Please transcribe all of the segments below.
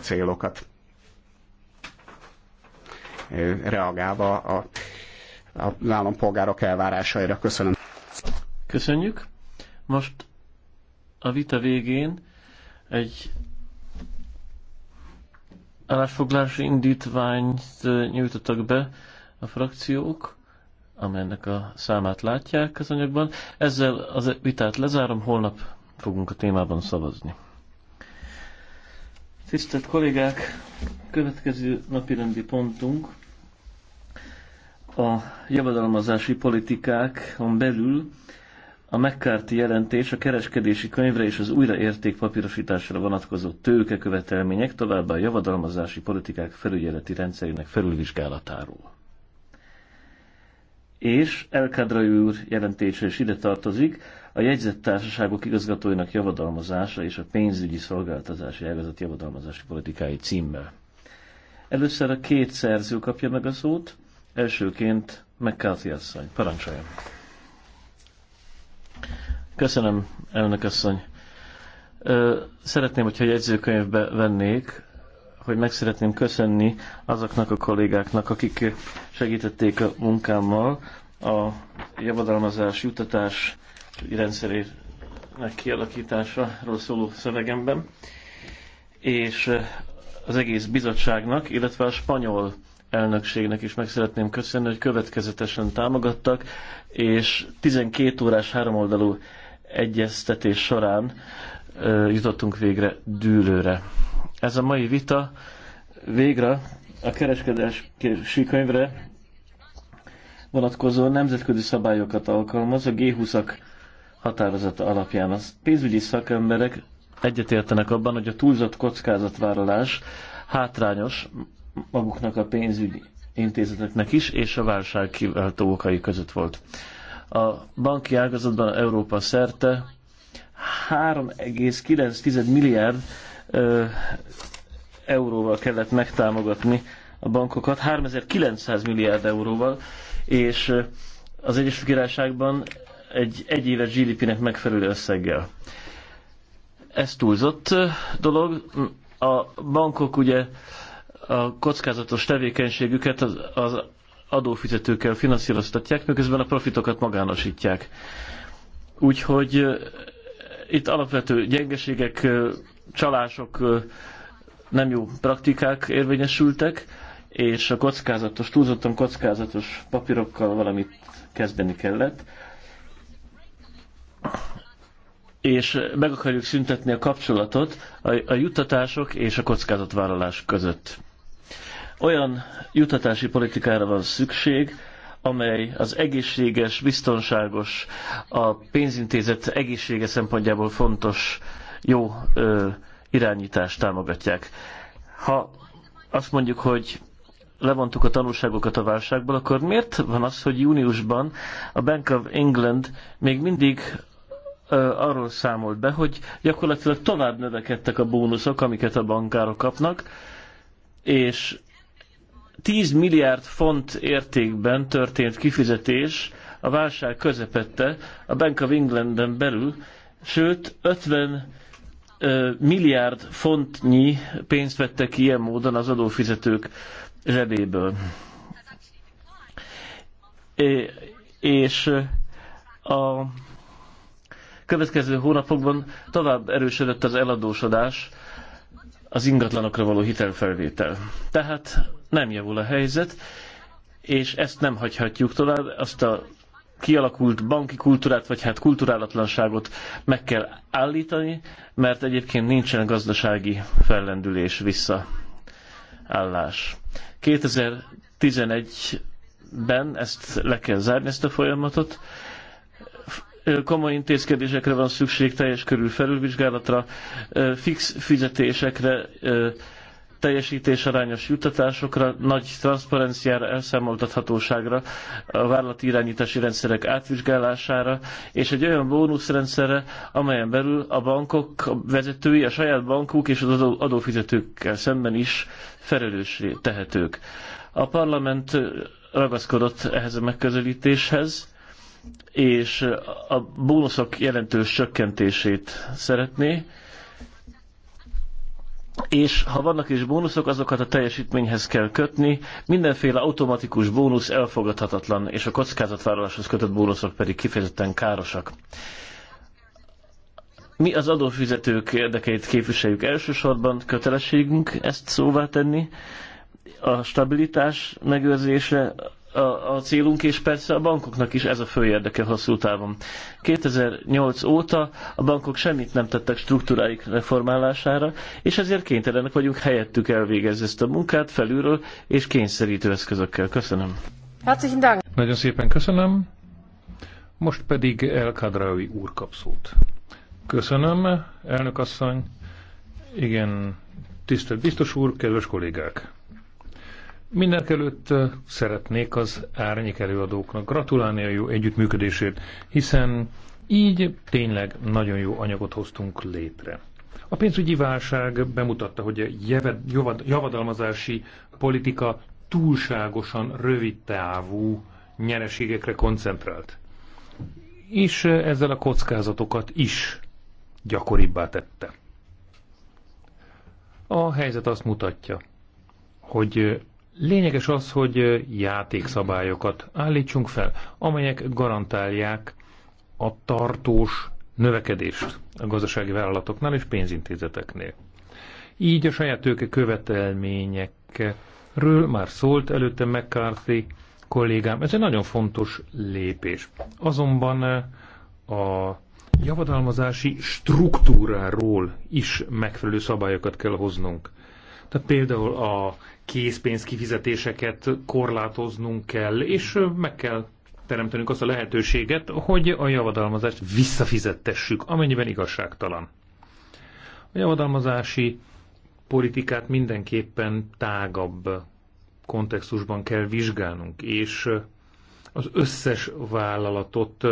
célokat reagálva a, a állampolgárok elvárásaira. Köszönöm. Köszönjük. Most a vita végén egy állásfoglalási indítványt nyújtottak be a frakciók, amelynek a számát látják az anyagban. Ezzel az vitát lezárom, holnap fogunk a témában szavazni. Tisztelt kollégák, következő napirendi pontunk a javadalmazási politikákon belül a McCarthy jelentés a kereskedési könyvre és az újraérték papírosításra vonatkozó tőkekövetelmények, továbbá a javadalmazási politikák felügyeleti rendszerének felülvizsgálatáról és Elkadraj úr jelentése is ide tartozik, a jegyzett társaságok igazgatóinak javadalmazása és a pénzügyi szolgáltatási ágazat javadalmazási politikái címmel. Először a két szerző kapja meg a szót, elsőként McCarthy asszony. Parancsoljon! Köszönöm, elnök asszony. Szeretném, hogyha jegyzőkönyvbe vennék hogy meg szeretném köszönni azoknak a kollégáknak, akik segítették a munkámmal a javadalmazás, jutatás rendszerének kialakításáról szóló szövegemben, és eh, az egész bizottságnak, illetve a spanyol elnökségnek is meg szeretném köszönni, hogy következetesen támogattak, és 12 órás háromoldalú egyeztetés során eh, jutottunk végre dűlőre ez a mai vita végre a kereskedési könyvre vonatkozó nemzetközi szabályokat alkalmaz a G20-ak határozata alapján. A pénzügyi szakemberek egyetértenek abban, hogy a túlzott kockázatvállalás hátrányos maguknak a pénzügyi intézeteknek is, és a válság kiváltó okai között volt. A banki ágazatban Európa szerte 3,9 milliárd euróval kellett megtámogatni a bankokat, 3900 milliárd euróval, és az Egyesült Királyságban egy egyéves GDP-nek megfelelő összeggel. Ez túlzott dolog. A bankok ugye a kockázatos tevékenységüket az, az adófizetőkkel finanszíroztatják, miközben a profitokat magánosítják. Úgyhogy itt alapvető gyengeségek csalások, nem jó praktikák érvényesültek, és a kockázatos, túlzottan kockázatos papírokkal valamit kezdeni kellett. És meg akarjuk szüntetni a kapcsolatot a, a juttatások és a kockázatvállalás között. Olyan juttatási politikára van szükség, amely az egészséges, biztonságos, a pénzintézet egészsége szempontjából fontos uh, jó ö, irányítást támogatják. Ha azt mondjuk, hogy levontuk a tanulságokat a válságból, akkor miért van az, hogy júniusban a Bank of England még mindig ö, arról számolt be, hogy gyakorlatilag tovább növekedtek a bónuszok, amiket a bankárok kapnak, és 10 milliárd font értékben történt kifizetés a válság közepette a Bank of England-en belül, sőt 50 milliárd fontnyi pénzt vettek ki ilyen módon az adófizetők zsebéből. És a következő hónapokban tovább erősödött az eladósodás, az ingatlanokra való hitelfelvétel. Tehát nem javul a helyzet, és ezt nem hagyhatjuk tovább, azt a kialakult banki kultúrát, vagy hát kulturálatlanságot meg kell állítani, mert egyébként nincsen gazdasági fellendülés visszaállás. 2011-ben ezt le kell zárni, ezt a folyamatot. Komoly intézkedésekre van szükség, teljes körül felülvizsgálatra, fix fizetésekre, teljesítés arányos juttatásokra, nagy transzparenciára, elszámoltathatóságra, a vállalati irányítási rendszerek átvizsgálására, és egy olyan bónuszrendszerre, amelyen belül a bankok a vezetői, a saját bankuk és az adófizetőkkel szemben is felelősé tehetők. A parlament ragaszkodott ehhez a megközelítéshez, és a bónuszok jelentős csökkentését szeretné, és ha vannak is bónuszok, azokat a teljesítményhez kell kötni. Mindenféle automatikus bónusz elfogadhatatlan, és a kockázatvállaláshoz kötött bónuszok pedig kifejezetten károsak. Mi az adófizetők érdekeit képviseljük elsősorban, kötelességünk ezt szóvá tenni, a stabilitás megőrzése, a, a célunk, és persze a bankoknak is ez a fő érdeke hosszú távon. 2008 óta a bankok semmit nem tettek struktúráik reformálására, és ezért kénytelenek vagyunk helyettük elvégezni ezt a munkát felülről és kényszerítő eszközökkel. Köszönöm. Herzlichen Dank. Nagyon szépen köszönöm. Most pedig El Kadraui úr kap szót. Köszönöm, elnök asszony. Igen, tisztelt biztos úr, kedves kollégák! Mindenkelőtt szeretnék az árnyék előadóknak gratulálni a jó együttműködését, hiszen így tényleg nagyon jó anyagot hoztunk létre. A pénzügyi válság bemutatta, hogy a javadalmazási politika túlságosan rövid távú nyereségekre koncentrált. És ezzel a kockázatokat is gyakoribbá tette. A helyzet azt mutatja, hogy Lényeges az, hogy játékszabályokat állítsunk fel, amelyek garantálják a tartós növekedést a gazdasági vállalatoknál és pénzintézeteknél. Így a saját tőke követelményekről már szólt előtte McCarthy kollégám. Ez egy nagyon fontos lépés. Azonban a javadalmazási struktúráról is megfelelő szabályokat kell hoznunk. Tehát például a készpénz kifizetéseket korlátoznunk kell, és meg kell teremtenünk azt a lehetőséget, hogy a javadalmazást visszafizettessük, amennyiben igazságtalan. A javadalmazási politikát mindenképpen tágabb kontextusban kell vizsgálnunk, és az összes vállalatot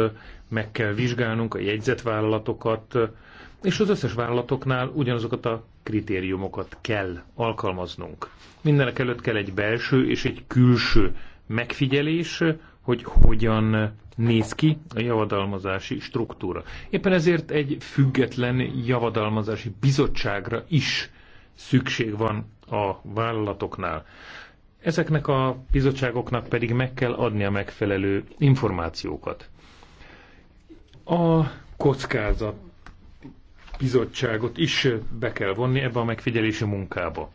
meg kell vizsgálnunk, a jegyzetvállalatokat, vállalatokat, és az összes vállalatoknál ugyanazokat a kritériumokat kell alkalmaznunk. Mindenek előtt kell egy belső és egy külső megfigyelés, hogy hogyan néz ki a javadalmazási struktúra. Éppen ezért egy független javadalmazási bizottságra is szükség van a vállalatoknál. Ezeknek a bizottságoknak pedig meg kell adni a megfelelő információkat. A kockázat bizottságot is be kell vonni ebbe a megfigyelési munkába.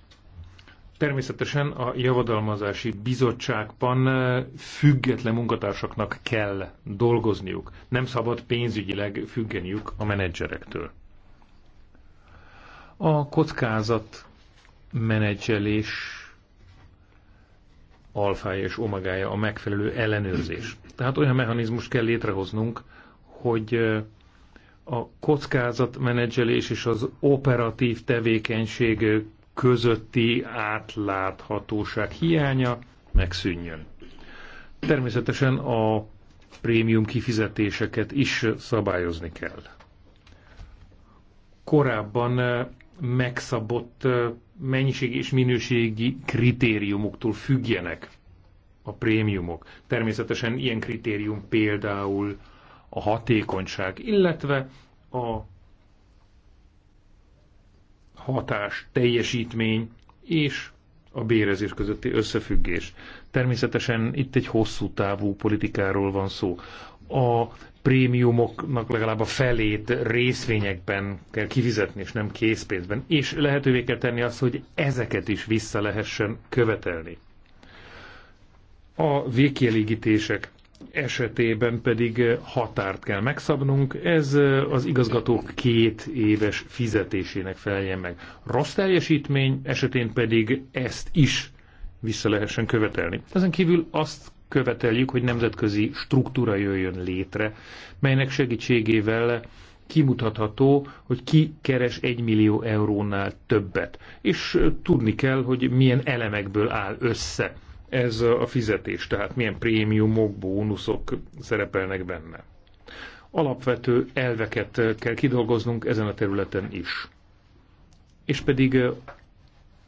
Természetesen a javadalmazási bizottságban eh, független munkatársaknak kell dolgozniuk. Nem szabad pénzügyileg függeniük a menedzserektől. A kockázat menedzselés alfája és omegája a megfelelő ellenőrzés. Tehát olyan mechanizmus kell létrehoznunk, hogy eh, a kockázatmenedzselés és az operatív tevékenység közötti átláthatóság hiánya megszűnjön. Természetesen a prémium kifizetéseket is szabályozni kell. Korábban megszabott mennyiségi és minőségi kritériumoktól függjenek a prémiumok. Természetesen ilyen kritérium például a hatékonyság, illetve a hatás, teljesítmény és a bérezés közötti összefüggés. Természetesen itt egy hosszú távú politikáról van szó. A prémiumoknak legalább a felét részvényekben kell kifizetni, és nem készpénzben. És lehetővé kell tenni azt, hogy ezeket is vissza lehessen követelni. A végkielégítések esetében pedig eh, határt kell megszabnunk, ez eh, az igazgatók két éves fizetésének feljen meg. Rossz teljesítmény esetén pedig ezt is vissza lehessen követelni. Ezen kívül azt követeljük, hogy nemzetközi struktúra jöjjön létre, melynek segítségével kimutatható, hogy ki keres egy millió eurónál többet. És eh, tudni kell, hogy milyen elemekből áll össze ez a fizetés, tehát milyen prémiumok, bónuszok szerepelnek benne. Alapvető elveket kell kidolgoznunk ezen a területen is. És pedig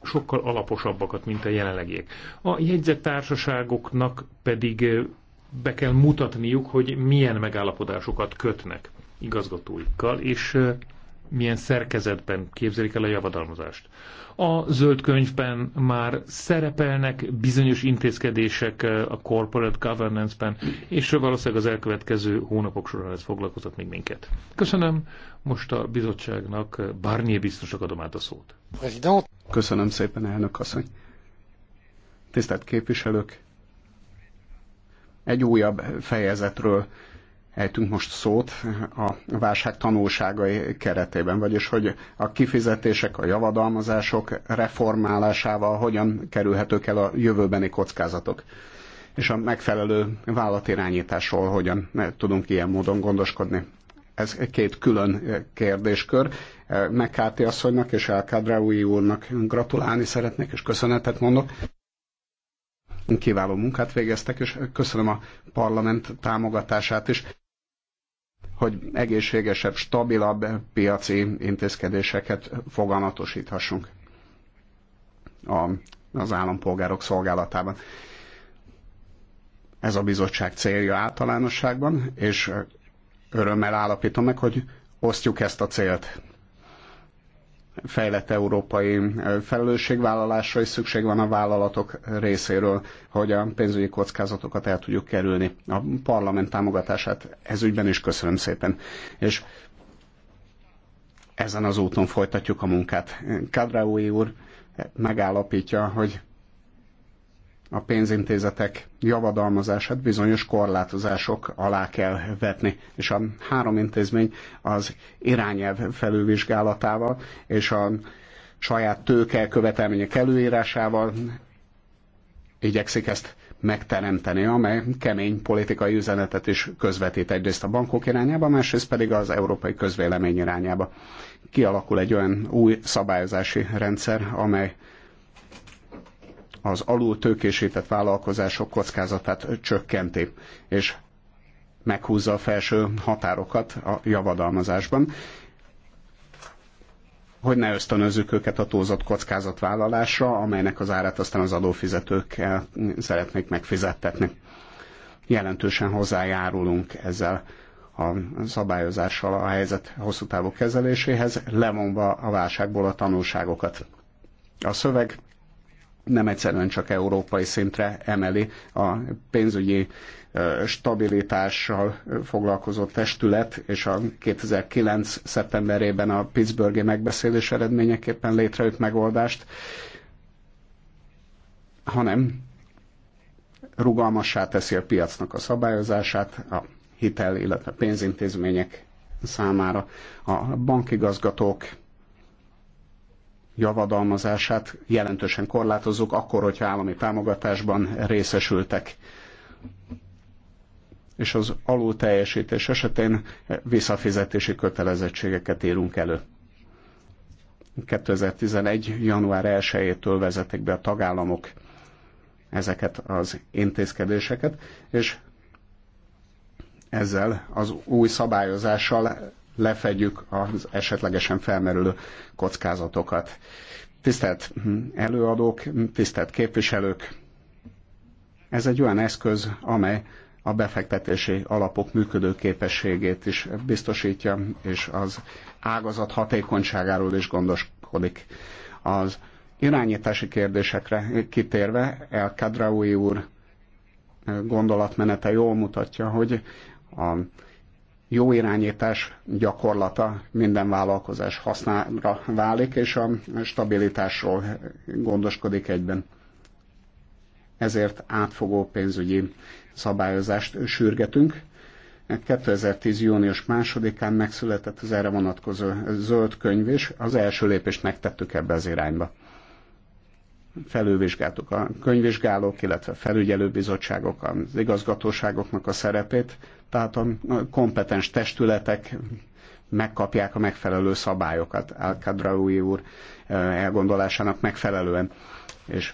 sokkal alaposabbakat, mint a jelenlegiek. A jegyzettársaságoknak pedig be kell mutatniuk, hogy milyen megállapodásokat kötnek igazgatóikkal, és milyen szerkezetben képzelik el a javadalmazást. A zöld könyvben már szerepelnek bizonyos intézkedések eh, a corporate governance-ben, és valószínűleg az elkövetkező hónapok során ez foglalkoztat még minket. Köszönöm, most a bizottságnak eh, Barnier biztosnak adom át a szót. Köszönöm szépen, elnök asszony. Tisztelt képviselők, egy újabb fejezetről ejtünk most szót a válság tanulságai keretében, vagyis hogy a kifizetések, a javadalmazások reformálásával hogyan kerülhetők el a jövőbeni kockázatok, és a megfelelő vállalatirányításról hogyan tudunk ilyen módon gondoskodni. Ez két külön kérdéskör. Megkáti asszonynak és Elkádráúi úrnak gratulálni szeretnék, és köszönetet mondok kiváló munkát végeztek, és köszönöm a parlament támogatását is hogy egészségesebb, stabilabb piaci intézkedéseket foganatosíthassunk a, az állampolgárok szolgálatában. Ez a bizottság célja általánosságban, és örömmel állapítom meg, hogy osztjuk ezt a célt fejlett európai felelősségvállalásra is szükség van a vállalatok részéről, hogy a pénzügyi kockázatokat el tudjuk kerülni. A parlament támogatását ez ügyben is köszönöm szépen. És ezen az úton folytatjuk a munkát. Kadraui úr megállapítja, hogy a pénzintézetek javadalmazását bizonyos korlátozások alá kell vetni. És a három intézmény az irányelv felülvizsgálatával és a saját tőke követelmények előírásával igyekszik ezt megteremteni, amely kemény politikai üzenetet is közvetít egyrészt a bankok irányába, másrészt pedig az európai közvélemény irányába. Kialakul egy olyan új szabályozási rendszer, amely az alul tőkésített vállalkozások kockázatát csökkenti, és meghúzza a felső határokat a javadalmazásban, hogy ne ösztönözzük őket a túlzott kockázatvállalásra, amelynek az árat aztán az adófizetők szeretnék megfizettetni. Jelentősen hozzájárulunk ezzel a szabályozással a helyzet hosszú távú kezeléséhez, levonva a válságból a tanulságokat. A szöveg nem egyszerűen csak európai szintre emeli a pénzügyi stabilitással foglalkozó testület, és a 2009. szeptemberében a Pittsburghi megbeszélés eredményeképpen létrejött megoldást, hanem rugalmassá teszi a piacnak a szabályozását, a hitel, illetve pénzintézmények számára. A bankigazgatók javadalmazását jelentősen korlátozzuk, akkor, hogyha állami támogatásban részesültek. És az alulteljesítés esetén visszafizetési kötelezettségeket írunk elő. 2011. január 1-től vezetik be a tagállamok ezeket az intézkedéseket, és ezzel az új szabályozással lefedjük az esetlegesen felmerülő kockázatokat. Tisztelt előadók, tisztelt képviselők, ez egy olyan eszköz, amely a befektetési alapok működőképességét is biztosítja, és az ágazat hatékonyságáról is gondoskodik. Az irányítási kérdésekre kitérve, El Kadraui úr gondolatmenete jól mutatja, hogy a jó irányítás gyakorlata minden vállalkozás hasznára válik, és a stabilitásról gondoskodik egyben. Ezért átfogó pénzügyi szabályozást sürgetünk. 2010. június másodikán megszületett az erre vonatkozó zöld könyv, és az első lépést megtettük ebbe az irányba felülvizsgáltuk a könyvvizsgálók, illetve felügyelőbizottságok, az igazgatóságoknak a szerepét, tehát a kompetens testületek megkapják a megfelelő szabályokat al úr eh, elgondolásának megfelelően. És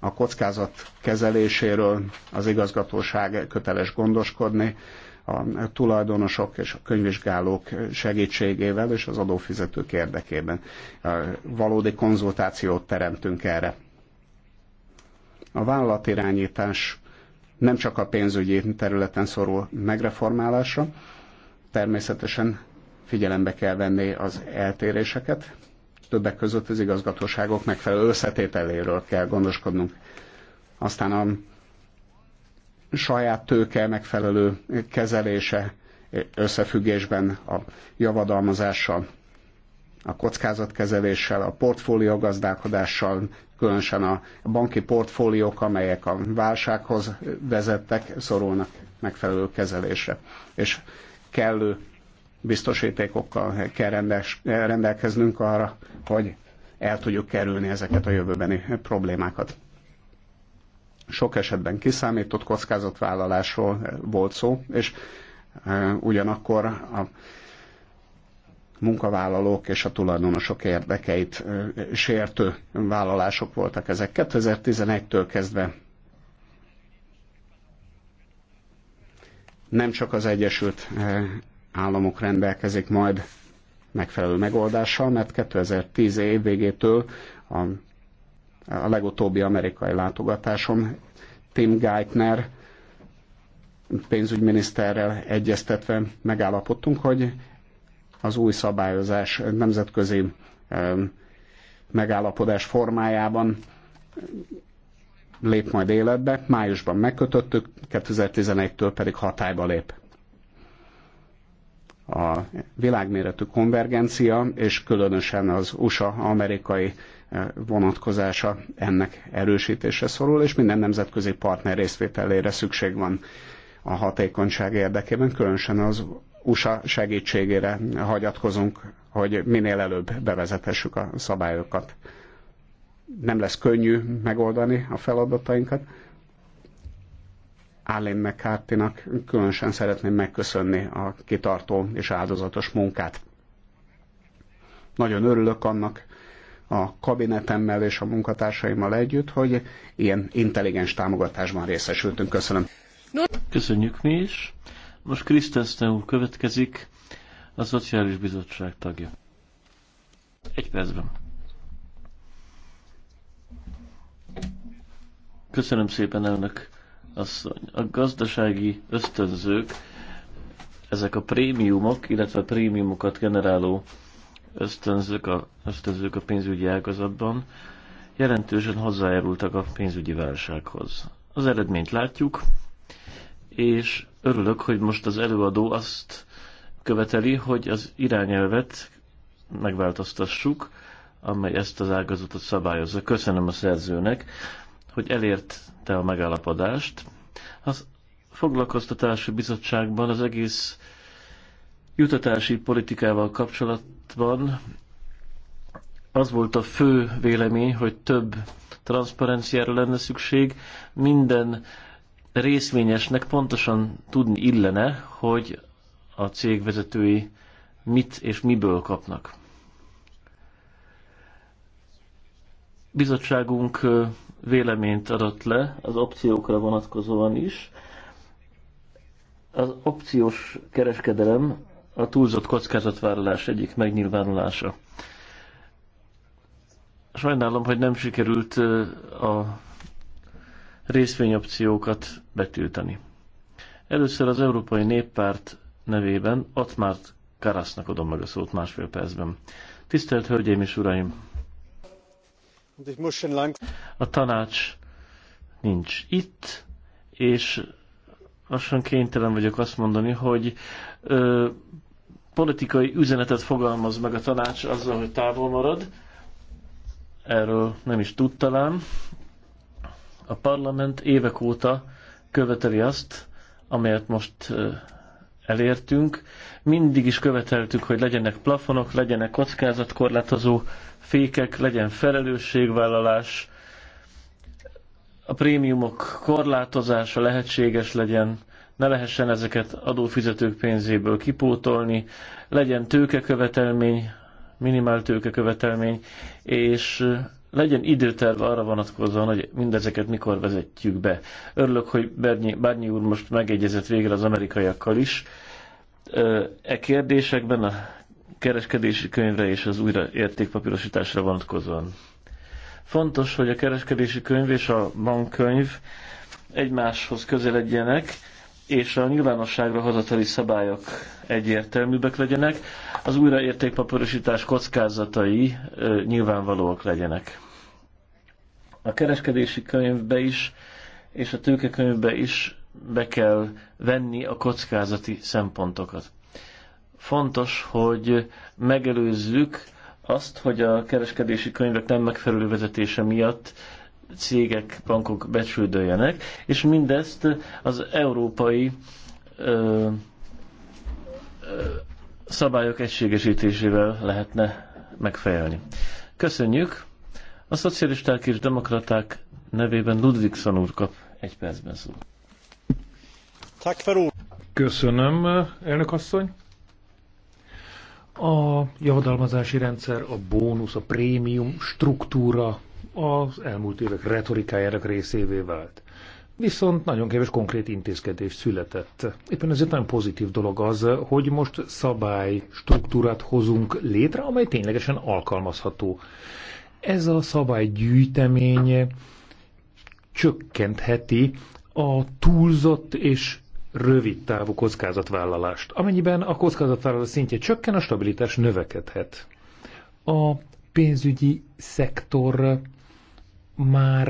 a kockázat kezeléséről az igazgatóság köteles gondoskodni, a tulajdonosok és a könyvvizsgálók segítségével és az adófizetők érdekében valódi konzultációt teremtünk erre. A vállalatirányítás nem csak a pénzügyi területen szorul megreformálásra, természetesen figyelembe kell venni az eltéréseket, többek között az igazgatóságok megfelelő összetételéről kell gondoskodnunk. Aztán a saját tőke megfelelő kezelése összefüggésben a javadalmazással, a kockázatkezeléssel, a gazdálkodással, különösen a banki portfóliók, amelyek a válsághoz vezettek, szorulnak megfelelő kezelésre. És kellő biztosítékokkal kell rendelkeznünk arra, hogy el tudjuk kerülni ezeket a jövőbeni problémákat sok esetben kiszámított kockázatvállalásról volt szó, és e, ugyanakkor a munkavállalók és a tulajdonosok érdekeit e, sértő vállalások voltak ezek. 2011-től kezdve nem csak az Egyesült e, Államok rendelkezik majd megfelelő megoldással, mert 2010 év végétől a a legutóbbi amerikai látogatásom Tim Geithner pénzügyminiszterrel egyeztetve megállapodtunk, hogy az új szabályozás nemzetközi megállapodás formájában lép majd életbe. Májusban megkötöttük, 2011-től pedig hatályba lép. A világméretű konvergencia, és különösen az USA-amerikai vonatkozása ennek erősítésre szorul, és minden nemzetközi partner részvételére szükség van a hatékonyság érdekében, különösen az USA segítségére hagyatkozunk, hogy minél előbb bevezetessük a szabályokat. Nem lesz könnyű megoldani a feladatainkat. Arlene mccarthy különösen szeretném megköszönni a kitartó és áldozatos munkát. Nagyon örülök annak, a kabinetemmel és a munkatársaimmal együtt, hogy ilyen intelligens támogatásban részesültünk. Köszönöm. Köszönjük mi is. Most Krisztenszten úr következik, a Szociális Bizottság tagja. Egy percben. Köszönöm szépen önök. Asszony. A gazdasági ösztönzők, ezek a prémiumok, illetve a prémiumokat generáló ösztönzők a, ösztönzők a pénzügyi ágazatban jelentősen hozzájárultak a pénzügyi válsághoz. Az eredményt látjuk, és örülök, hogy most az előadó azt követeli, hogy az irányelvet megváltoztassuk, amely ezt az ágazatot szabályozza. Köszönöm a szerzőnek, hogy elérte a megállapodást. Az foglalkoztatási bizottságban az egész jutatási politikával kapcsolatban 2006 az volt a fő vélemény, hogy több transzparenciára lenne szükség. Minden részvényesnek pontosan tudni illene, hogy a vezetői mit és miből kapnak. Bizottságunk véleményt adott le az opciókra vonatkozóan is. Az opciós kereskedelem a túlzott kockázatvállalás egyik megnyilvánulása. Sajnálom, hogy nem sikerült a részvényopciókat betiltani. Először az Európai Néppárt nevében Atmárt Karasznak adom meg a szót másfél percben. Tisztelt Hölgyeim és Uraim! A tanács nincs itt, és lassan kénytelen vagyok azt mondani, hogy ö, politikai üzenetet fogalmaz meg a tanács azzal, hogy távol marad. Erről nem is tudtam. A parlament évek óta követeli azt, amelyet most elértünk. Mindig is követeltük, hogy legyenek plafonok, legyenek kockázatkorlátozó fékek, legyen felelősségvállalás, a prémiumok korlátozása lehetséges legyen, ne lehessen ezeket adófizetők pénzéből kipótolni, legyen tőkekövetelmény, minimál tőkekövetelmény, és legyen időterv arra vonatkozóan, hogy mindezeket mikor vezetjük be. Örülök, hogy Bernyi, Bárnyi úr most megegyezett végre az amerikaiakkal is. E kérdésekben a kereskedési könyvre és az újra értékpapírosításra vonatkozóan. Fontos, hogy a kereskedési könyv és a bankkönyv egymáshoz közeledjenek, és a nyilvánosságra hazateli szabályok egyértelműbbek legyenek, az újraértékpaporosítás kockázatai ö, nyilvánvalóak legyenek. A kereskedési könyvbe is és a tőkekönyvbe is be kell venni a kockázati szempontokat. Fontos, hogy megelőzzük azt, hogy a kereskedési könyvek nem megfelelő vezetése miatt cégek, bankok becsüldöljenek, és mindezt az európai ö, ö, szabályok egységesítésével lehetne megfejelni. Köszönjük! A szocialisták és demokraták nevében Ludvigson úr kap egy percben szó. Köszönöm, elnök asszony! A javadalmazási rendszer, a bónusz, a prémium struktúra az elmúlt évek retorikájának részévé vált. Viszont nagyon kevés konkrét intézkedés született. Éppen ezért nagyon pozitív dolog az, hogy most szabály struktúrát hozunk létre, amely ténylegesen alkalmazható. Ez a szabálygyűjtemény csökkentheti a túlzott és rövid távú kockázatvállalást. Amennyiben a kockázatvállalás szintje csökken, a stabilitás növekedhet. A pénzügyi szektor már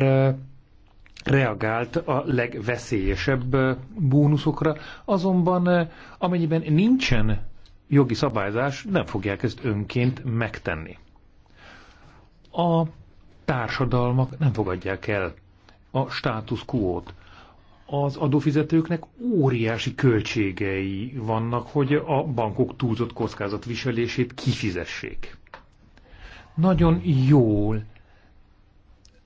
reagált a legveszélyesebb bónuszokra, azonban amennyiben nincsen jogi szabályzás, nem fogják ezt önként megtenni. A társadalmak nem fogadják el a status quo-t. Az adófizetőknek óriási költségei vannak, hogy a bankok túlzott kockázatviselését kifizessék nagyon jól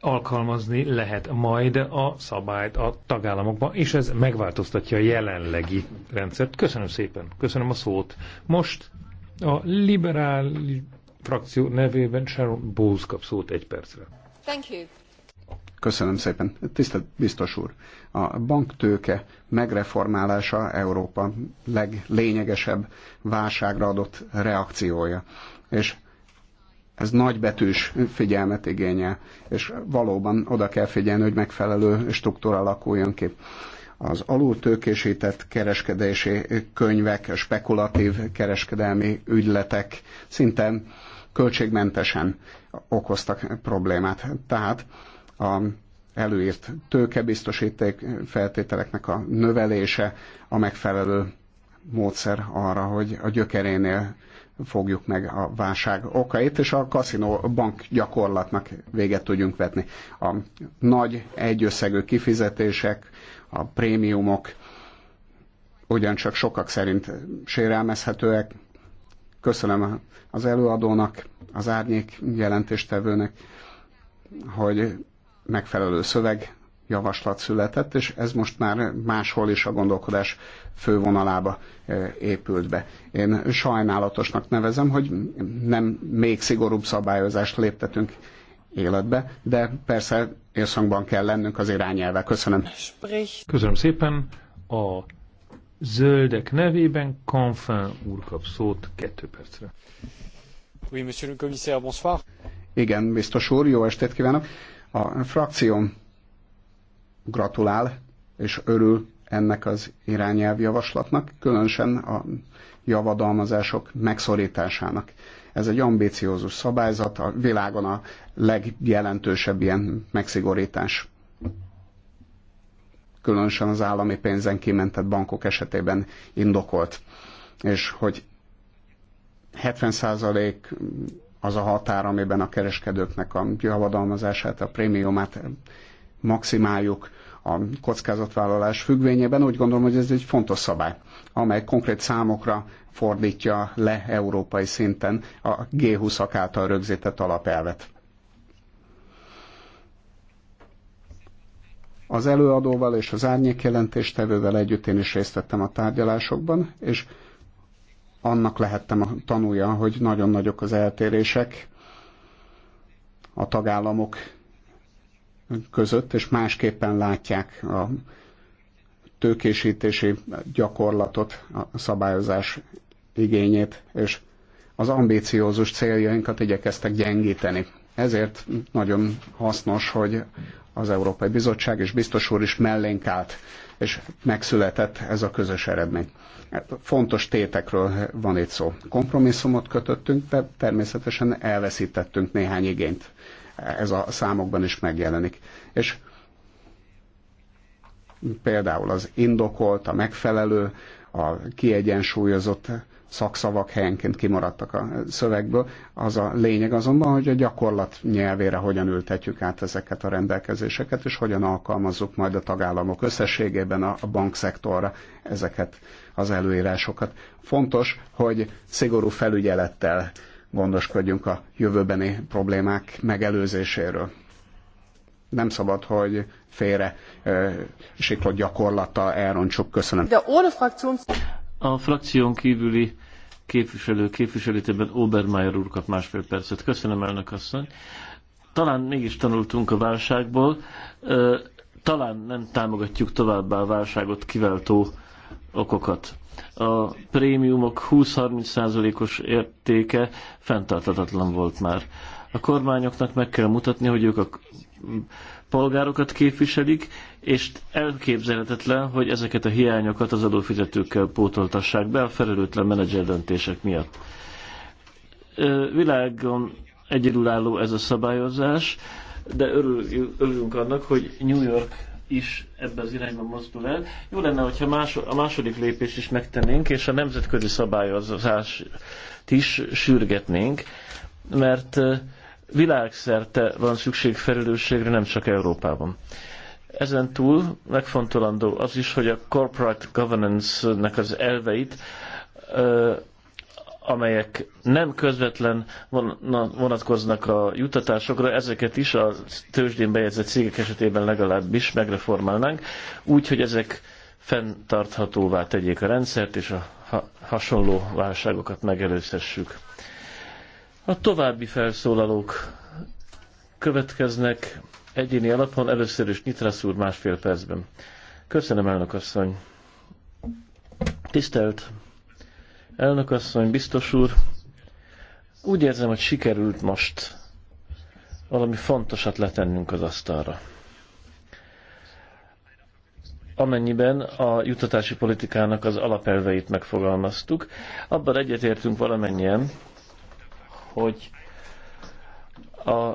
alkalmazni lehet majd a szabályt a tagállamokban, és ez megváltoztatja a jelenlegi rendszert. Köszönöm szépen, köszönöm a szót. Most a liberális frakció nevében Sharon Bowles kap szót egy percre. Thank you. Köszönöm szépen. Tisztelt biztos úr, a banktőke megreformálása Európa leglényegesebb válságra adott reakciója. És ez nagybetűs figyelmet igényel, és valóban oda kell figyelni, hogy megfelelő struktúra alakuljon ki. Az alultőkésített kereskedési könyvek, spekulatív kereskedelmi ügyletek szinte költségmentesen okoztak problémát. Tehát a előírt tőkebiztosíték feltételeknek a növelése a megfelelő módszer arra, hogy a gyökerénél fogjuk meg a válság okait, és a kaszinó bank gyakorlatnak véget tudjunk vetni. A nagy egyösszegű kifizetések, a prémiumok ugyancsak sokak szerint sérelmezhetőek. Köszönöm az előadónak, az árnyék jelentéstevőnek, hogy megfelelő szöveg javaslat született, és ez most már máshol is a gondolkodás fővonalába e, épült be. Én sajnálatosnak nevezem, hogy nem még szigorúbb szabályozást léptetünk életbe, de persze érszangban kell lennünk az irányelve. Köszönöm. Köszönöm szépen. A zöldek nevében Confin úr kap szót kettő percre. Oui, monsieur le commissaire, bonsoir. Igen, biztos úr, jó estét kívánok. A frakcióm gratulál és örül ennek az irányelvjavaslatnak, különösen a javadalmazások megszorításának. Ez egy ambíciózus szabályzat, a világon a legjelentősebb ilyen megszigorítás. Különösen az állami pénzen kimentett bankok esetében indokolt. És hogy 70% az a határ, amiben a kereskedőknek a javadalmazását, a prémiumát maximáljuk, a kockázatvállalás függvényében. Úgy gondolom, hogy ez egy fontos szabály, amely konkrét számokra fordítja le európai szinten a g 20 által rögzített alapelvet. Az előadóval és az árnyék jelentéstevővel együtt én is részt vettem a tárgyalásokban, és annak lehettem a tanúja, hogy nagyon nagyok az eltérések a tagállamok között, és másképpen látják a tőkésítési gyakorlatot, a szabályozás igényét, és az ambíciózus céljainkat igyekeztek gyengíteni. Ezért nagyon hasznos, hogy az Európai Bizottság és biztos úr is mellénk állt, és megszületett ez a közös eredmény. Hát fontos tétekről van itt szó. Kompromisszumot kötöttünk, de természetesen elveszítettünk néhány igényt ez a számokban is megjelenik. És például az indokolt, a megfelelő, a kiegyensúlyozott szakszavak helyenként kimaradtak a szövegből. Az a lényeg azonban, hogy a gyakorlat nyelvére hogyan ültetjük át ezeket a rendelkezéseket, és hogyan alkalmazzuk majd a tagállamok összességében a bankszektorra ezeket az előírásokat. Fontos, hogy szigorú felügyelettel gondoskodjunk a jövőbeni problémák megelőzéséről. Nem szabad, hogy félre e, siklott gyakorlata elroncsuk. Köszönöm. De A frakción kívüli képviselő képviselőtében Obermeier úr kap másfél percet. Köszönöm, elnök asszony. Talán mégis tanultunk a válságból, talán nem támogatjuk továbbá a válságot kiváltó okokat. A prémiumok 20-30%-os értéke fenntartatatlan volt már. A kormányoknak meg kell mutatni, hogy ők a polgárokat képviselik, és elképzelhetetlen, hogy ezeket a hiányokat az adófizetőkkel pótoltassák be a felelőtlen menedzser döntések miatt. Világon egyedülálló ez a szabályozás, de örül, örülünk annak, hogy New York is ebbe az irányba mozdul el. Jó lenne, hogyha a második lépést is megtennénk, és a nemzetközi szabályozást is sürgetnénk, mert világszerte van szükség felelősségre, nem csak Európában. Ezen túl megfontolandó az is, hogy a corporate governance-nek az elveit amelyek nem közvetlen vonatkoznak a jutatásokra, ezeket is a tőzsdén bejegyzett cégek esetében legalábbis megreformálnánk, úgy, hogy ezek fenntarthatóvá tegyék a rendszert, és a hasonló válságokat megelőzhessük. A további felszólalók következnek egyéni alapon, először is Nitrasz úr másfél percben. Köszönöm, elnök asszony! Tisztelt Elnök asszony, biztos úr, úgy érzem, hogy sikerült most valami fontosat letennünk az asztalra. Amennyiben a jutatási politikának az alapelveit megfogalmaztuk, abban egyetértünk valamennyien, hogy a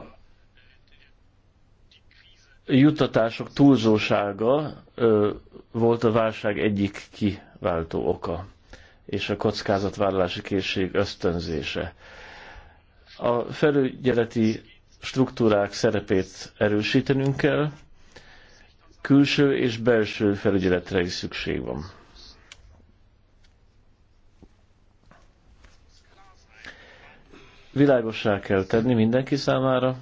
juttatások túlzósága ö, volt a válság egyik kiváltó oka és a kockázatvállalási készség ösztönzése. A felügyeleti struktúrák szerepét erősítenünk kell, külső és belső felügyeletre is szükség van. Világossá kell tenni mindenki számára,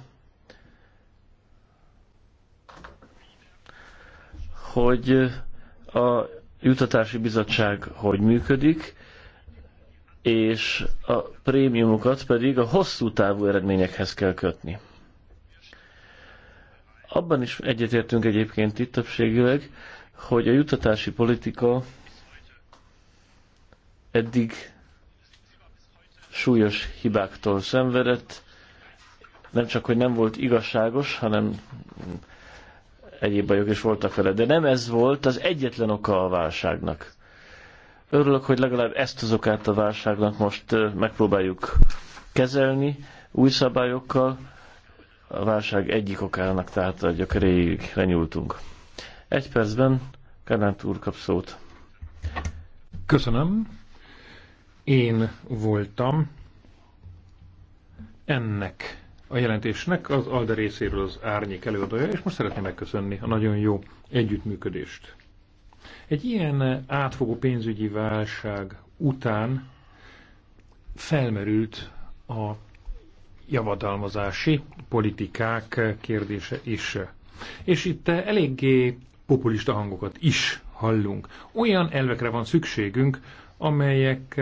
hogy a jutatási bizottság hogy működik, és a prémiumokat pedig a hosszú távú eredményekhez kell kötni. Abban is egyetértünk egyébként itt többségileg, hogy a jutatási politika eddig súlyos hibáktól szenvedett, nem csak, hogy nem volt igazságos, hanem egyéb bajok is voltak vele, de nem ez volt az egyetlen oka a válságnak. Örülök, hogy legalább ezt az okát a válságnak most megpróbáljuk kezelni új szabályokkal. A válság egyik okának, tehát a gyökeréig lenyúltunk. Egy percben Kánánt úr kap szót. Köszönöm. Én voltam ennek a jelentésnek az ALDE részéről az árnyék előadója, és most szeretném megköszönni a nagyon jó együttműködést. Egy ilyen átfogó pénzügyi válság után felmerült a javadalmazási politikák kérdése is. És itt eléggé populista hangokat is hallunk. Olyan elvekre van szükségünk, amelyek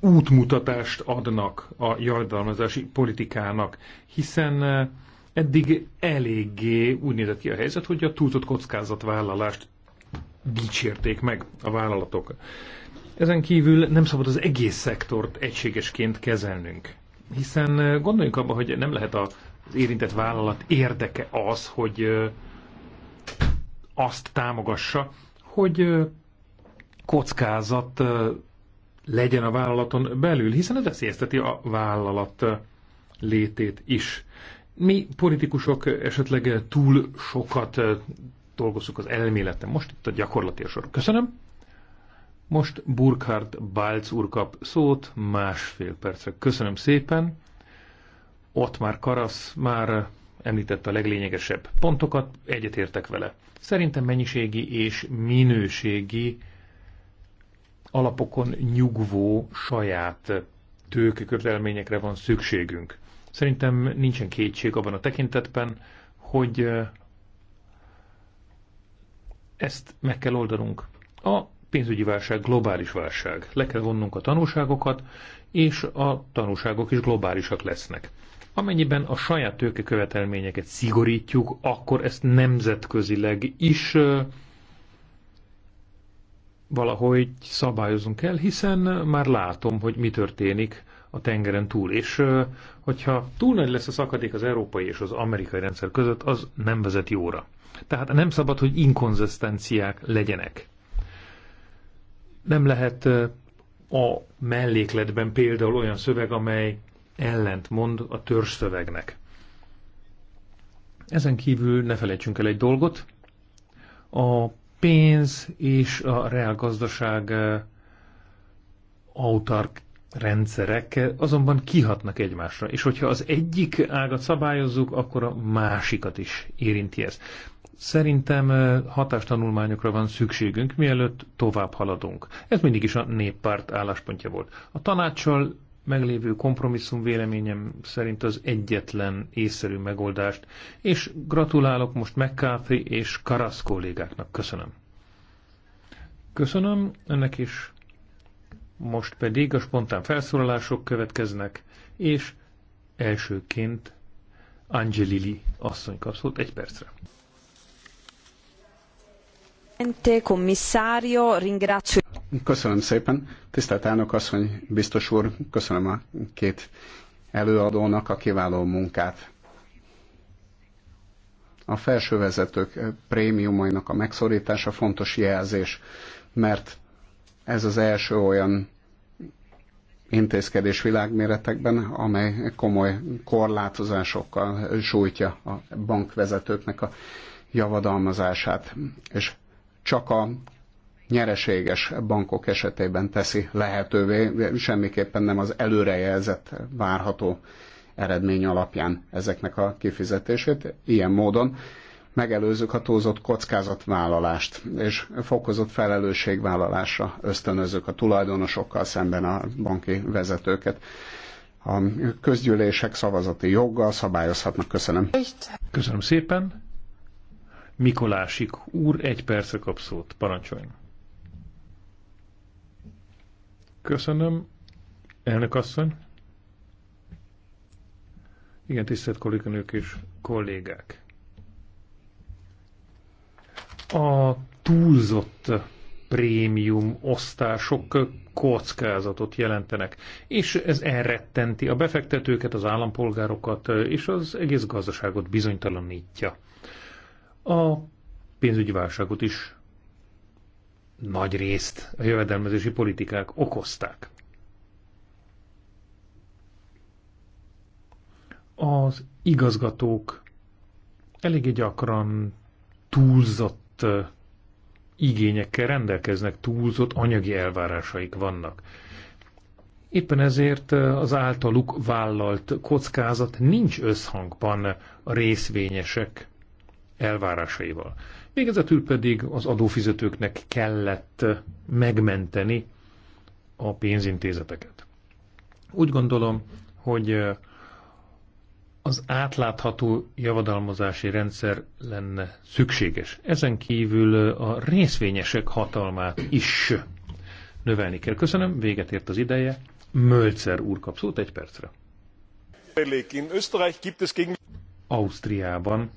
útmutatást adnak a javadalmazási politikának, hiszen eh, eddig eléggé úgy nézett ki a helyzet, hogy a túlzott kockázatvállalást dicsérték meg a vállalatok. Ezen kívül nem szabad az egész szektort egységesként kezelnünk, hiszen eh, gondoljunk abban, hogy nem lehet az érintett vállalat érdeke az, hogy eh, azt támogassa, hogy kockázat legyen a vállalaton belül, hiszen ez veszélyezteti a vállalat létét is. Mi politikusok esetleg túl sokat dolgozzuk az elméleten. Most itt a gyakorlati sor. Köszönöm. Most Burkhard Balc úr kap szót másfél percre. Köszönöm szépen. Ott már Karasz már említette a leglényegesebb pontokat, egyetértek vele. Szerintem mennyiségi és minőségi alapokon nyugvó saját tőkekövetelményekre van szükségünk. Szerintem nincsen kétség abban a tekintetben, hogy ezt meg kell oldanunk. A pénzügyi válság globális válság. Le kell vonnunk a tanulságokat, és a tanulságok is globálisak lesznek. Amennyiben a saját tőkekövetelményeket szigorítjuk, akkor ezt nemzetközileg is valahogy szabályozunk kell, hiszen már látom, hogy mi történik a tengeren túl. És hogyha túl nagy lesz a szakadék az európai és az amerikai rendszer között, az nem vezet jóra. Tehát nem szabad, hogy inkonzisztenciák legyenek. Nem lehet a mellékletben például olyan szöveg, amely ellent mond a törzs szövegnek. Ezen kívül ne felejtsünk el egy dolgot. A pénz és a reálgazdaság autark rendszerek azonban kihatnak egymásra, és hogyha az egyik ágat szabályozzuk, akkor a másikat is érinti ez. Szerintem hatástanulmányokra van szükségünk, mielőtt tovább haladunk. Ez mindig is a néppárt álláspontja volt. A tanácssal meglévő kompromisszum véleményem szerint az egyetlen észszerű megoldást, és gratulálok most McCarthy és Karasz kollégáknak. Köszönöm. Köszönöm ennek is. Most pedig a spontán felszólalások következnek, és elsőként Angelili asszony kap szót egy percre. Commissario, ringrazio Köszönöm szépen. Tisztelt elnök asszony, biztos úr, köszönöm a két előadónak a kiváló munkát. A felsővezetők prémiumainak a megszorítása fontos jelzés, mert ez az első olyan intézkedés világméretekben, amely komoly korlátozásokkal sújtja a bankvezetőknek a javadalmazását. És csak a nyereséges bankok esetében teszi lehetővé, semmiképpen nem az előrejelzett várható eredmény alapján ezeknek a kifizetését. Ilyen módon megelőzzük a túlzott kockázatvállalást, és fokozott felelősségvállalásra ösztönözzük a tulajdonosokkal szemben a banki vezetőket. A közgyűlések szavazati joggal szabályozhatnak. Köszönöm. Köszönöm szépen. Mikolásik úr, egy percre kap szót. Parancsoljon. Köszönöm. Elnök asszony. Igen, tisztelt kolléganők és kollégák. A túlzott prémium osztások kockázatot jelentenek, és ez elrettenti a befektetőket, az állampolgárokat és az egész gazdaságot bizonytalanítja. A pénzügyi válságot is nagy részt a jövedelmezési politikák okozták. Az igazgatók eléggé gyakran túlzott igényekkel rendelkeznek, túlzott anyagi elvárásaik vannak. Éppen ezért az általuk vállalt kockázat nincs összhangban a részvényesek elvárásaival. Végezetül pedig az adófizetőknek kellett megmenteni a pénzintézeteket. Úgy gondolom, hogy eh, az átlátható javadalmazási rendszer lenne szükséges. Ezen kívül eh, a részvényesek hatalmát is növelni kell. Köszönöm, véget ért az ideje. Mölcer úr kap szót egy percre. Ausztriában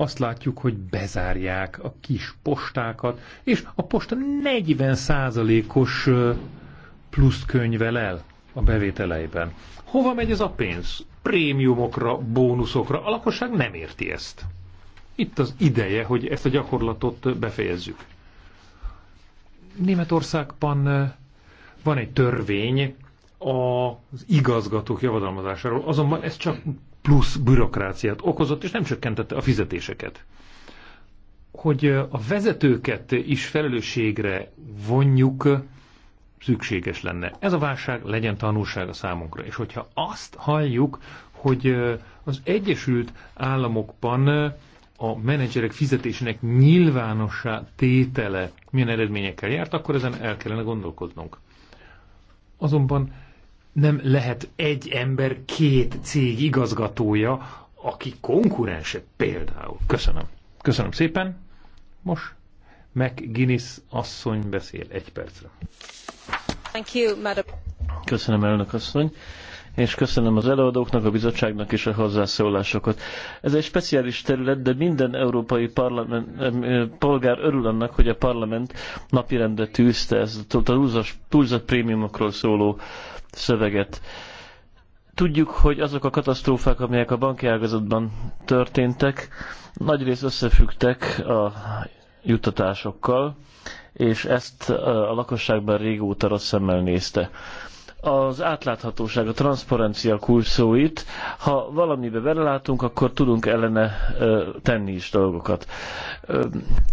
azt látjuk, hogy bezárják a kis postákat, és a posta 40%-os plusz könyvel el a bevételeiben. Hova megy ez a pénz? Prémiumokra, bónuszokra. A lakosság nem érti ezt. Itt az ideje, hogy ezt a gyakorlatot befejezzük. Németországban van egy törvény az igazgatók javadalmazásáról, azonban ez csak plusz bürokráciát okozott, és nem csökkentette a fizetéseket. Hogy a vezetőket is felelősségre vonjuk, szükséges lenne. Ez a válság legyen tanulság a számunkra. És hogyha azt halljuk, hogy az Egyesült Államokban a menedzserek fizetésének nyilvánossá tétele milyen eredményekkel járt, akkor ezen el kellene gondolkodnunk. Azonban nem lehet egy ember két cég igazgatója, aki konkurense például. Köszönöm. Köszönöm szépen. Most meg Guinness asszony beszél egy percre. Thank you, madam. Köszönöm, elnök asszony és köszönöm az előadóknak, a bizottságnak is a hozzászólásokat. Ez egy speciális terület, de minden európai parlament, polgár örül annak, hogy a parlament napirendre tűzte ezt a túlzas, túlzott prémiumokról szóló szöveget. Tudjuk, hogy azok a katasztrófák, amelyek a banki ágazatban történtek, nagyrészt összefüggtek a juttatásokkal, és ezt a lakosságban régóta rossz szemmel nézte az átláthatóság, a transzparencia kulcsszóit. Ha valamibe belelátunk, akkor tudunk ellene tenni is dolgokat.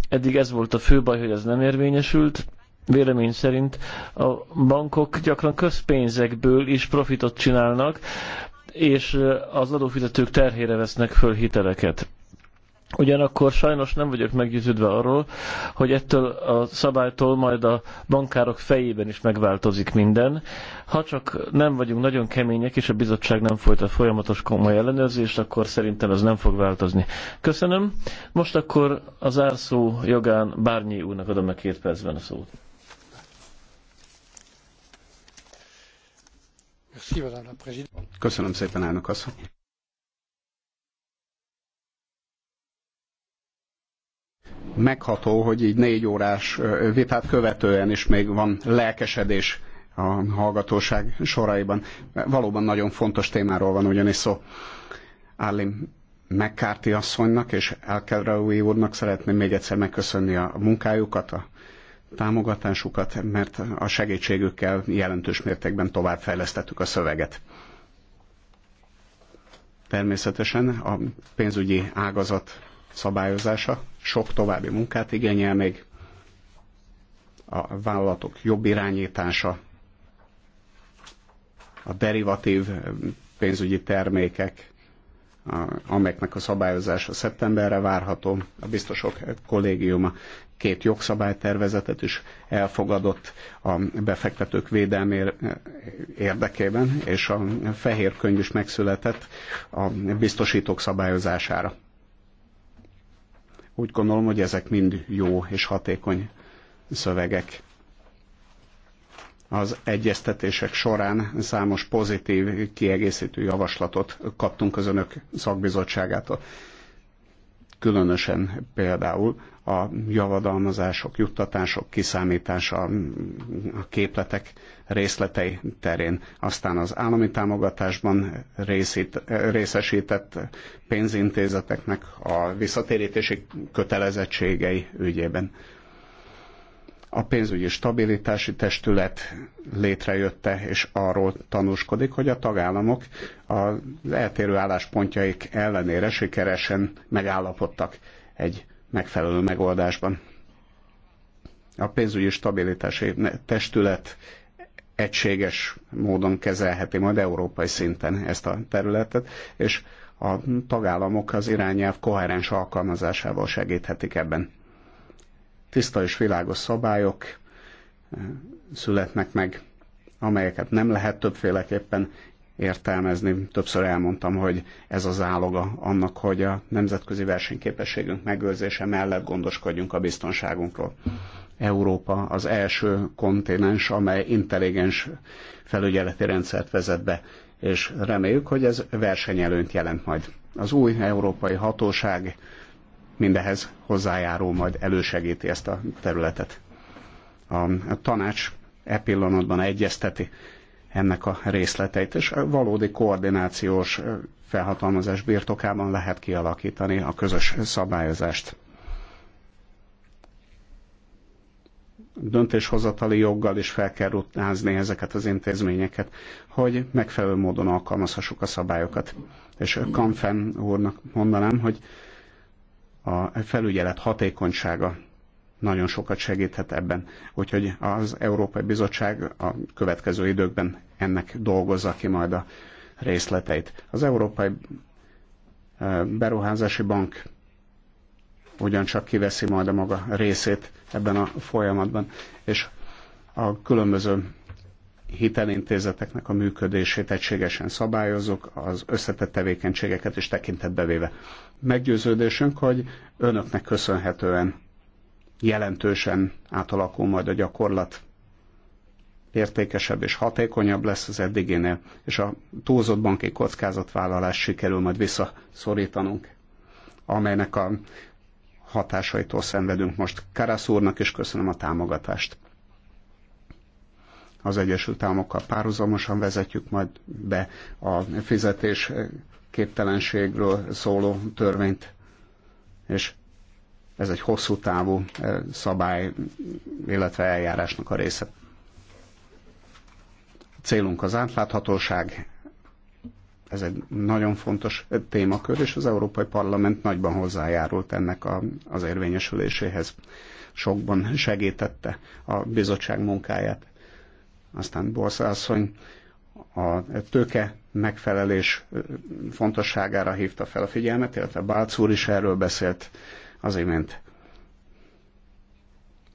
Eddig ez volt a fő baj, hogy ez nem érvényesült. Vélemény szerint a bankok gyakran közpénzekből is profitot csinálnak, és az adófizetők terhére vesznek föl hiteleket. Ugyanakkor sajnos nem vagyok meggyőződve arról, hogy ettől a szabálytól majd a bankárok fejében is megváltozik minden. Ha csak nem vagyunk nagyon kemények, és a bizottság nem folytat folyamatos komoly ellenőrzést, akkor szerintem ez nem fog változni. Köszönöm. Most akkor az zárszó jogán Bárnyi úrnak adom a két percben a szót. Köszönöm szépen, elnök asszony. megható, hogy így négy órás vitát követően is még van lelkesedés a hallgatóság soraiban. Valóban nagyon fontos témáról van ugyanis szó. Állim McCarthy asszonynak és Elkelraui úrnak szeretném még egyszer megköszönni a munkájukat, a támogatásukat, mert a segítségükkel jelentős mértékben továbbfejlesztettük a szöveget. Természetesen a pénzügyi ágazat szabályozása sok további munkát igényel még, a vállalatok jobb irányítása, a derivatív eh, pénzügyi termékek, amelyeknek a szabályozása szeptemberre várható. A biztosok kollégiuma két jogszabálytervezetet is elfogadott a befektetők védelmér eh, érdekében, és a fehér könyv is megszületett a biztosítók szabályozására. Úgy gondolom, hogy ezek mind jó és hatékony szövegek. Az egyeztetések során számos pozitív, kiegészítő javaslatot kaptunk az önök szakbizottságától különösen például a javadalmazások, juttatások kiszámítása mm, a képletek részletei terén, aztán az állami támogatásban részít, részesített pénzintézeteknek a visszatérítési kötelezettségei ügyében a pénzügyi stabilitási testület létrejötte, és arról tanúskodik, hogy a tagállamok az eltérő álláspontjaik ellenére sikeresen megállapodtak egy megfelelő megoldásban. A pénzügyi stabilitási testület egységes módon kezelheti majd európai szinten ezt a területet, és a tagállamok az irányelv koherens alkalmazásával segíthetik ebben tiszta és világos szabályok eh, születnek meg, amelyeket nem lehet többféleképpen értelmezni. Többször elmondtam, hogy ez az áloga annak, hogy a nemzetközi versenyképességünk megőrzése mellett gondoskodjunk a biztonságunkról. Európa az első kontinens, amely intelligens felügyeleti rendszert vezet be, és reméljük, hogy ez versenyelőnyt jelent majd. Az új európai hatóság mindehez hozzájárul majd elősegíti ezt a területet. A, tanács e pillanatban egyezteti ennek a részleteit, és a valódi koordinációs felhatalmazás birtokában lehet kialakítani a közös szabályozást. döntéshozatali joggal is fel kell rutázni ezeket az intézményeket, hogy megfelelő módon alkalmazhassuk a szabályokat. És Kanfen úrnak mondanám, hogy a felügyelet hatékonysága nagyon sokat segíthet ebben. Úgyhogy az Európai Bizottság a következő időkben ennek dolgozza ki majd a részleteit. Az Európai Beruházási Bank ugyancsak kiveszi majd a maga részét ebben a folyamatban, és a különböző hitelintézeteknek a működését egységesen szabályozzuk, az összetett tevékenységeket is tekintetbe véve. Meggyőződésünk, hogy önöknek köszönhetően jelentősen átalakul majd a gyakorlat, értékesebb és hatékonyabb lesz az eddiginél, és a túlzott banki kockázatvállalás sikerül majd visszaszorítanunk, amelynek a hatásaitól szenvedünk most. Karasz úrnak is köszönöm a támogatást az Egyesült Államokkal párhuzamosan vezetjük majd be a fizetés képtelenségről szóló törvényt, és ez egy hosszú távú eh, szabály, illetve eljárásnak a része. A célunk az átláthatóság, ez egy nagyon fontos témakör, és az Európai Parlament nagyban hozzájárult ennek a, az érvényesüléséhez. Sokban segítette a bizottság munkáját. Aztán Borszászony a tőke megfelelés fontosságára hívta fel a figyelmet, illetve Bálc úr is erről beszélt az imént.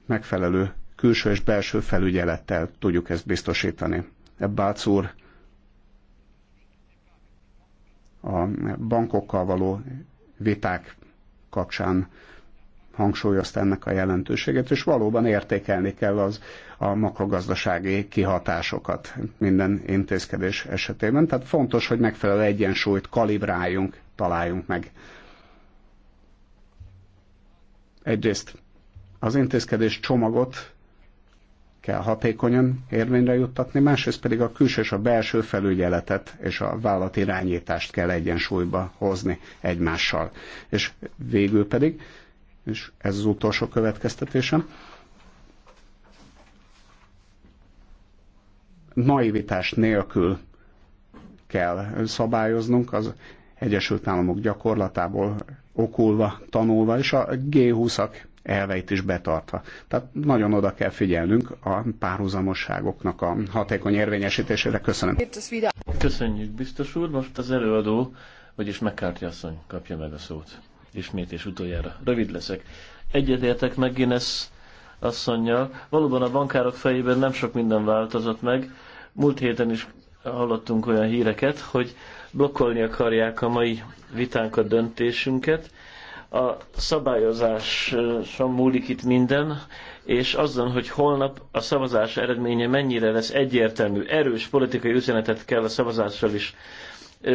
Megfelelő külső és belső felügyelettel tudjuk ezt biztosítani. E Bálc úr a bankokkal való viták kapcsán hangsúlyozta ennek a jelentőséget, és valóban értékelni kell az a makrogazdasági kihatásokat minden intézkedés esetében. Tehát fontos, hogy megfelelő egyensúlyt kalibráljunk, találjunk meg. Egyrészt az intézkedés csomagot kell hatékonyan érvényre juttatni, másrészt pedig a külső és a belső felügyeletet és a vállalatirányítást kell egyensúlyba hozni egymással. És végül pedig és ez az utolsó következtetésem, naivitás nélkül kell szabályoznunk az Egyesült Államok gyakorlatából okulva, tanulva, és a G20-ak elveit is betartva. Tehát nagyon oda kell figyelnünk a párhuzamosságoknak a hatékony érvényesítésére. Köszönöm. Köszönjük, biztos úr. Most az előadó, vagyis McCarthy asszony kapja meg a szót ismét és utoljára. Rövid leszek. Egyetértek meg Guinness asszonya, Valóban a bankárok fejében nem sok minden változott meg. Múlt héten is hallottunk olyan híreket, hogy blokkolni akarják a mai vitánkat, döntésünket. A szabályozáson múlik itt minden, és azon, hogy holnap a szavazás eredménye mennyire lesz egyértelmű, erős politikai üzenetet kell a szavazással is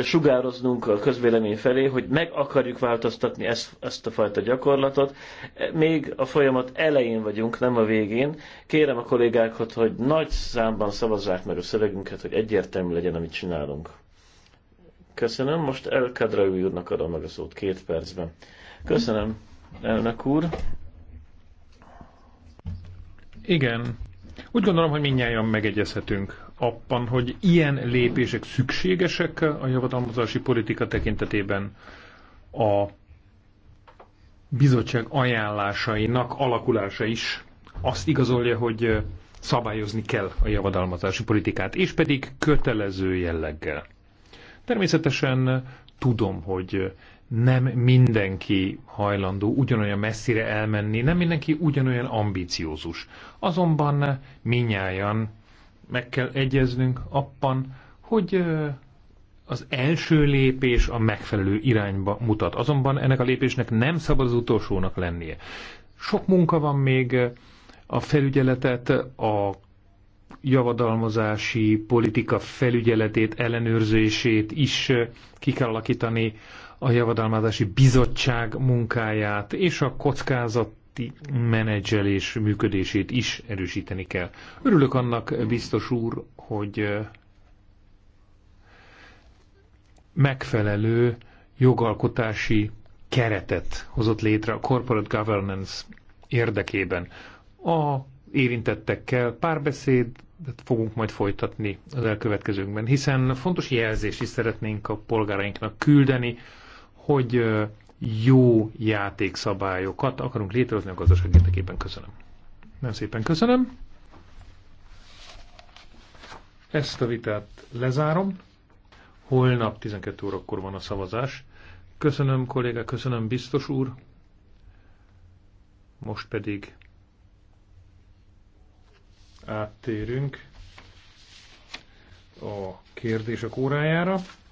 sugároznunk a közvélemény felé, hogy meg akarjuk változtatni ezt, ezt a fajta gyakorlatot. Még a folyamat elején vagyunk, nem a végén. Kérem a kollégákat, hogy nagy számban szavazzák meg a szövegünket, hogy egyértelmű legyen, amit csinálunk. Köszönöm, most El Kadraui úrnak adom meg a szót két percben. Köszönöm, elnök úr. Igen, úgy gondolom, hogy mindnyáján megegyezhetünk abban, hogy ilyen lépések szükségesek a javadalmazási politika tekintetében a bizottság ajánlásainak alakulása is azt igazolja, hogy szabályozni kell a javadalmazási politikát, és pedig kötelező jelleggel. Természetesen tudom, hogy nem mindenki hajlandó ugyanolyan messzire elmenni, nem mindenki ugyanolyan ambiciózus. Azonban minnyáján meg kell egyeznünk abban, hogy az első lépés a megfelelő irányba mutat. Azonban ennek a lépésnek nem szabad az utolsónak lennie. Sok munka van még, a felügyeletet, a javadalmazási politika felügyeletét, ellenőrzését is ki kell alakítani, a javadalmazási bizottság munkáját és a kockázat közötti menedzselés működését is erősíteni kell. Örülök annak, biztos úr, hogy megfelelő jogalkotási keretet hozott létre a corporate governance érdekében. A érintettekkel párbeszéd fogunk majd folytatni az elkövetkezőkben, hiszen fontos jelzést is szeretnénk a polgárainknak küldeni, hogy jó játékszabályokat akarunk létrehozni a gazdaság érdekében. Köszönöm. Nem szépen köszönöm. Ezt a vitát lezárom. Holnap 12 órakor van a szavazás. Köszönöm, kolléga, köszönöm, biztos úr. Most pedig áttérünk a kérdések órájára.